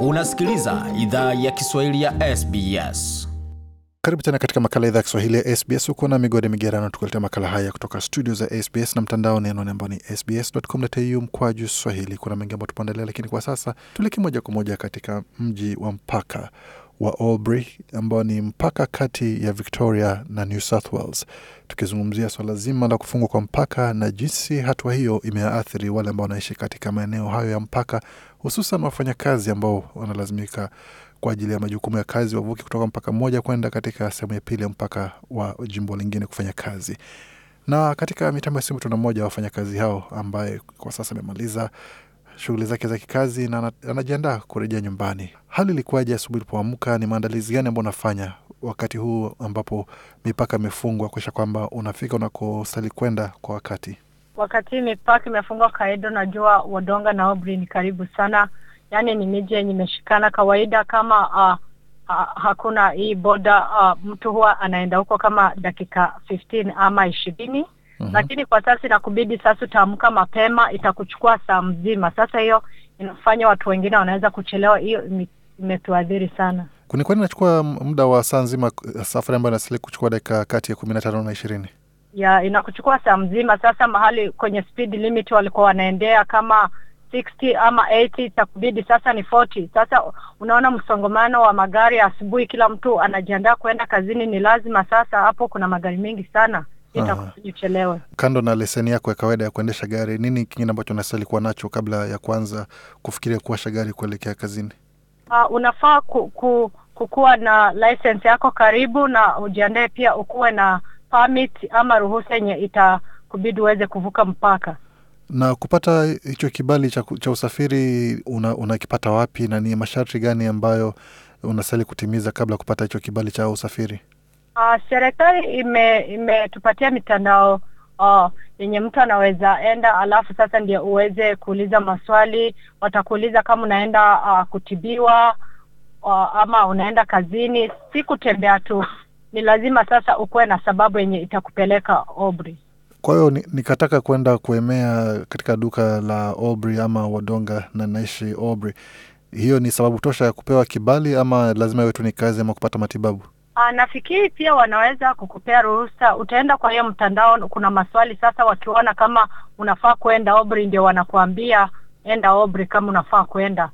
Unasikiliza idhaa ya Kiswahili ya SBS. Karibu tena katika makala idhaa ya Kiswahili ya SBS. Uko na Migode migerano, tukuletea makala haya kutoka studio za SBS na mtandaoni anwani ambao ni sbs.com.au mkwaju swahili. Kuna mengi ambayo tupaendelea, lakini kwa sasa tuleke moja kwa moja katika mji wa mpaka wa Albury ambao ni mpaka kati ya Victoria na New South Wales, tukizungumzia swala so zima la kufungwa kwa mpaka na jinsi hatua hiyo imeathiri wale ambao wanaishi katika maeneo hayo ya mpaka, hususan wafanyakazi ambao wanalazimika kwa ajili ya majukumu ya kazi wavuke kutoka mpaka mmoja kwenda katika sehemu ya pili ya mpaka wa jimbo lingine kufanya kazi. Na katika mitambo ya simu tuna mmoja wa wafanyakazi hao ambaye kwa sasa amemaliza shughuli zake za kikazi na anajiandaa kurejea nyumbani. Hali ilikuwaje asubuhi ulipoamka? Ni maandalizi gani ambayo unafanya wakati huu ambapo mipaka imefungwa kuisha kwamba unafika unakostahili kwenda kwa wakati? Wakati mipaka imefungwa kawaida, unajua Wodonga na Obri ni karibu sana, yaani ni miji yenye imeshikana kawaida. Kama uh, uh, hakuna hii boda uh, mtu huwa anaenda huko kama dakika 15 ama ishirini -hmm. Lakini kwa sasa inakubidi sasa utaamka mapema, itakuchukua saa mzima. Sasa hiyo inafanya watu wengine wanaweza kuchelewa, hiyo imetuadhiri sana. Kuni kwani inachukua muda wa saa nzima, eh, safari ambayo inastahili kuchukua dakika kati ya kumi na tano na ishirini ya inakuchukua saa mzima. Sasa mahali kwenye speed limit walikuwa wanaendea kama 60 ama 80 itakubidi sasa ni 40. Sasa unaona msongamano wa magari asubuhi, kila mtu anajiandaa kuenda kazini, ni lazima sasa. Hapo kuna magari mengi sana itakufanya ah. Kando na leseni yako ya kawaida ya kuendesha gari, nini kingine ambacho unastahili kuwa nacho kabla ya kuanza kufikiria kuwasha gari kuelekea kazini? Uh, unafaa ku, ku, kukuwa na license yako karibu, na ujiandae pia ukuwe na permit ama ruhusa yenye itakubidi uweze kuvuka mpaka. Na kupata hicho kibali cha, cha usafiri unakipata una wapi, na ni masharti gani ambayo unastahili kutimiza kabla ya kupata hicho kibali cha usafiri? Uh, serikali ime- imetupatia mitandao uh, yenye mtu anaweza enda, alafu sasa ndio uweze kuuliza maswali. Watakuuliza kama unaenda uh, kutibiwa uh, ama unaenda kazini, si kutembea tu. Ni lazima sasa ukuwe na sababu yenye itakupeleka Obri. Kwa hiyo nikataka ni kwenda kuemea katika duka la Obri ama Wadonga na naishi Obri, hiyo ni sababu tosha ya kupewa kibali ama lazima iwe tu ni kazi ama kupata matibabu? Ah, nafikiri pia wanaweza kukupea ruhusa, utaenda kwa hiyo mtandao, kuna maswali sasa, wakiona kama unafaa kwenda Obri ndio wanakuambia enda Obri kama unafaa kwenda.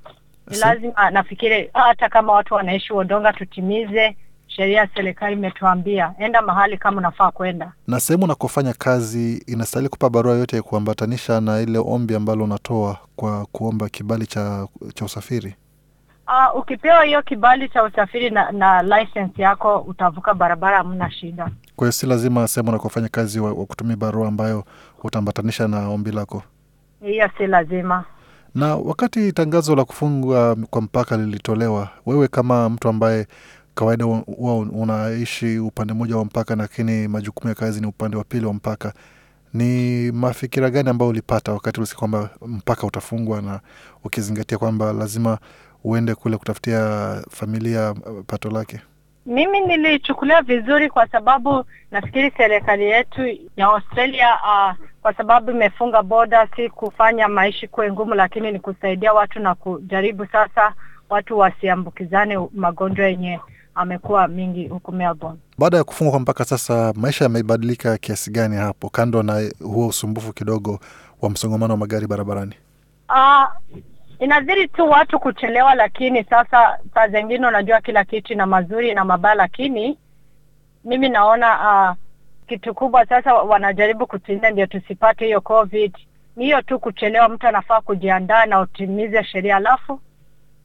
Ni lazima nafikiri, hata kama watu wanaishi Wodonga, tutimize sheria ya serikali imetuambia enda mahali kama unafaa kwenda. Na sehemu unakofanya kazi inastahili kupa barua yote ya kuambatanisha na ile ombi ambalo unatoa kwa kuomba kibali cha, cha usafiri. Uh, ukipewa hiyo kibali cha usafiri na, na license yako utavuka barabara, hamna shida. Kwa hiyo si lazima sehemu unakofanya kazi wa, wa kutumia barua ambayo utaambatanisha na ombi lako, hiyo si lazima. Na wakati tangazo la kufungwa kwa mpaka lilitolewa, wewe kama mtu ambaye kawaida huwa unaishi upande mmoja wa mpaka, lakini majukumu ya kazi ni upande wa pili wa mpaka, ni mafikira gani ambayo ulipata wakati ulisikia kwamba mpaka utafungwa, na ukizingatia kwamba lazima uende kule kutafutia familia uh, pato lake? Mimi nilichukulia vizuri kwa sababu nafikiri serikali yetu ya Australia uh, kwa sababu imefunga boda, si kufanya maishi kuwe ngumu, lakini ni kusaidia watu na kujaribu sasa watu wasiambukizane magonjwa yenye amekuwa mingi huku Melbourne. Baada ya kufungwa kwa mpaka sasa, maisha yamebadilika kiasi gani hapo, kando na huo usumbufu kidogo wa msongamano wa magari barabarani? Uh, inadhiri tu watu kuchelewa, lakini sasa saa zengine unajua kila kitu ina mazuri na mabaya, lakini mimi naona uh, kitu kubwa sasa wanajaribu kutuinda ndio tusipate hiyo COVID. Ni hiyo tu kuchelewa, mtu anafaa kujiandaa na utimize sheria, alafu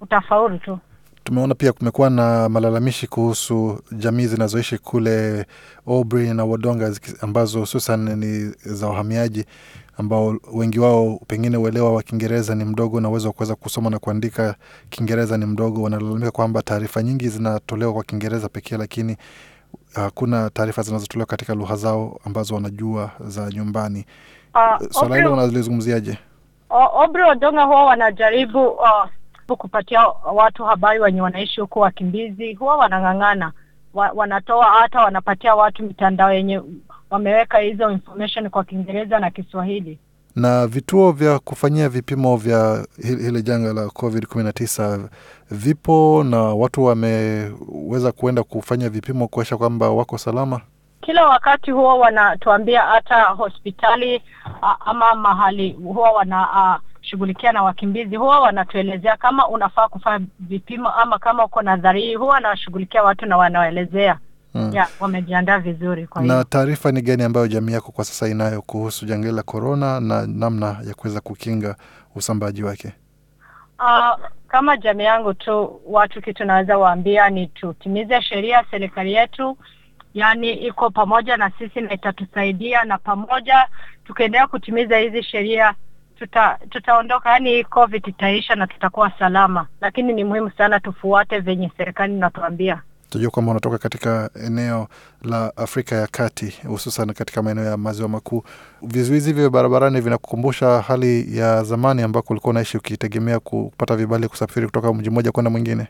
utafaulu tu. Tumeona pia kumekuwa na malalamishi kuhusu jamii zinazoishi kule Obrey na Wodonga ambazo hususan ni za wahamiaji ambao wengi wao pengine uelewa wa Kiingereza ni mdogo na uwezo wa kuweza kusoma na kuandika Kiingereza ni mdogo. Wanalalamika kwamba taarifa nyingi zinatolewa kwa Kiingereza pekee, lakini hakuna taarifa zinazotolewa katika lugha zao ambazo wanajua za nyumbani. Uh, swala hilo unalizungumziaje? Ah, Obre Odonga huwa wanajaribu uh, ah, kupatia watu habari wenye wanaishi huko wakimbizi, huwa wanang'ang'ana wa, wanatoa hata wanapatia watu mitandao yenye wameweka hizo information kwa Kiingereza na Kiswahili na vituo vya kufanyia vipimo vya hili janga la COVID-19 vipo na watu wameweza kuenda kufanya vipimo kuonyesha kwamba wako salama. Kila wakati huwa wanatuambia hata hospitali ama mahali huwa wanashughulikia na wakimbizi huwa wanatuelezea kama unafaa kufanya vipimo ama kama uko na dharii, huwa wanashughulikia watu na wanaelezea Mm. Yeah, wamejiandaa vizuri kwa Na taarifa ni gani ambayo jamii yako kwa sasa inayo kuhusu janga la korona na namna ya kuweza kukinga usambaji wake? Uh, kama jamii yangu tu watu kitu naweza waambia ni tutimize sheria. Serikali yetu yani iko pamoja na sisi na itatusaidia, na pamoja tukiendelea kutimiza hizi sheria tuta, tutaondoka yani hii COVID itaisha na tutakuwa salama, lakini ni muhimu sana tufuate venye serikali inatuambia. Tunajua kwamba wanatoka katika eneo la Afrika ya Kati, hususan katika maeneo ya maziwa makuu. Vizuizi hivyo barabarani vinakukumbusha hali ya zamani ambako ulikuwa unaishi ukitegemea kupata vibali kusafiri kutoka mji mmoja kwenda mwingine.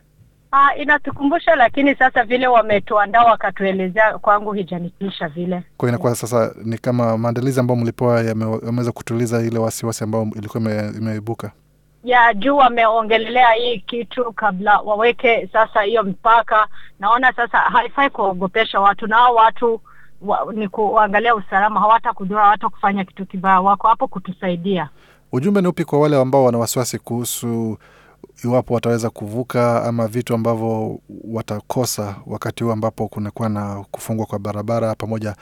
Ah, inatukumbusha lakini sasa vile wametuandaa wakatuelezea, kwangu hijanitisha vile. Kwa inakuwa sasa ni kama maandalizi ambayo mlipewa yameweza kutuliza ile wasiwasi ambayo ilikuwa imeibuka ya juu wameongelelea hii kitu kabla waweke sasa hiyo mpaka. Naona sasa haifai kuogopesha watu na watu wa, ni kuangalia usalama, hawatakujua kufanya kitu kibaya, wako hapo kutusaidia. Ujumbe ni upi kwa wale ambao wana wasiwasi kuhusu iwapo wataweza kuvuka ama vitu ambavyo watakosa wakati huu ambapo kunakuwa na kufungwa kwa barabara pamoja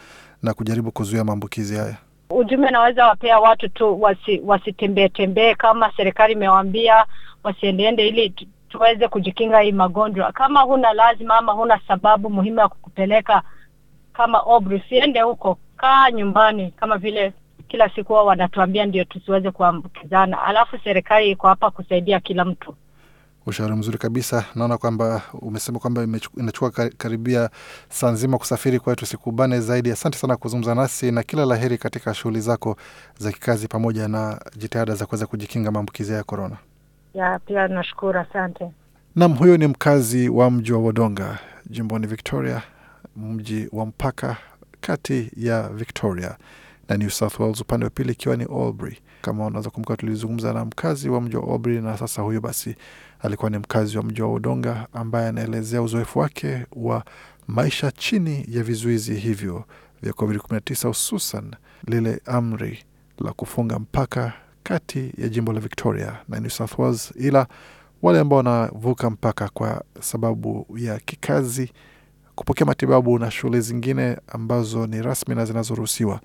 na kujaribu kuzuia maambukizi haya? Ujumbe naweza wapea watu tu wasi, wasitembee tembee kama serikali imewaambia wasiendeende, ili tuweze kujikinga hii magonjwa. Kama huna lazima ama huna sababu muhimu ya kukupeleka kama obri, usiende huko, kaa nyumbani kama vile kila siku wao wanatuambia, ndio tusiweze kuambukizana. Alafu serikali iko hapa kusaidia kila mtu. Ushauri mzuri kabisa. Naona kwamba umesema kwamba inachukua karibia saa nzima kusafiri, kwa hiyo tusikubane zaidi. Asante sana kuzungumza nasi na kila laheri katika shughuli zako za kikazi pamoja na jitihada za kuweza kujikinga maambukizi ya korona. pia nashukuru, asante. Nam, huyo ni mkazi wa mji wa Wodonga jimboni Victoria, mji wa mpaka kati ya Victoria na New South Wales upande wa pili ikiwa ni Albury. Kama unaweza kumbuka, tulizungumza na mkazi wa mji wa Albury, na sasa huyo basi alikuwa ni mkazi wa mji wa udonga ambaye anaelezea uzoefu wake wa maisha chini ya vizuizi hivyo vya COVID-19, hususan lile amri la kufunga mpaka kati ya jimbo la Victoria na New South Wales, ila wale ambao wanavuka mpaka kwa sababu ya kikazi, kupokea matibabu na shughuli zingine ambazo ni rasmi na zinazoruhusiwa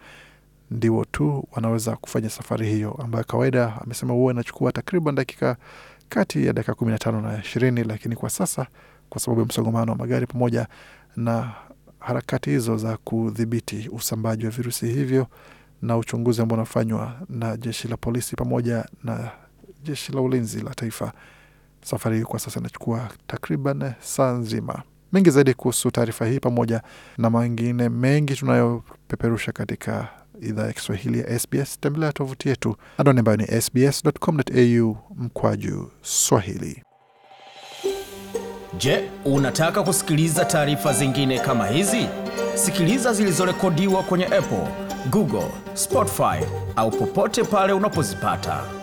ndiwo tu wanaweza kufanya safari hiyo ambayo kawaida amesema huwa inachukua takriban dakika kati ya dakika kumi na tano na ishirini lakini kwa sasa kwa sababu ya msongamano wa magari pamoja na harakati hizo za kudhibiti usambaji wa virusi hivyo na uchunguzi ambao unafanywa na jeshi la polisi pamoja na jeshi la ulinzi la taifa, safari hiyo kwa sasa inachukua takriban saa nzima mengi zaidi kuhusu taarifa hii pamoja na mengine mengi tunayopeperusha katika idhaa ya Kiswahili ya SBS, tembelea tovuti yetu anwani ambayo ni sbs.com.au mkwaju swahili. Je, unataka kusikiliza taarifa zingine kama hizi? Sikiliza zilizorekodiwa kwenye Apple, Google, Spotify au popote pale unapozipata.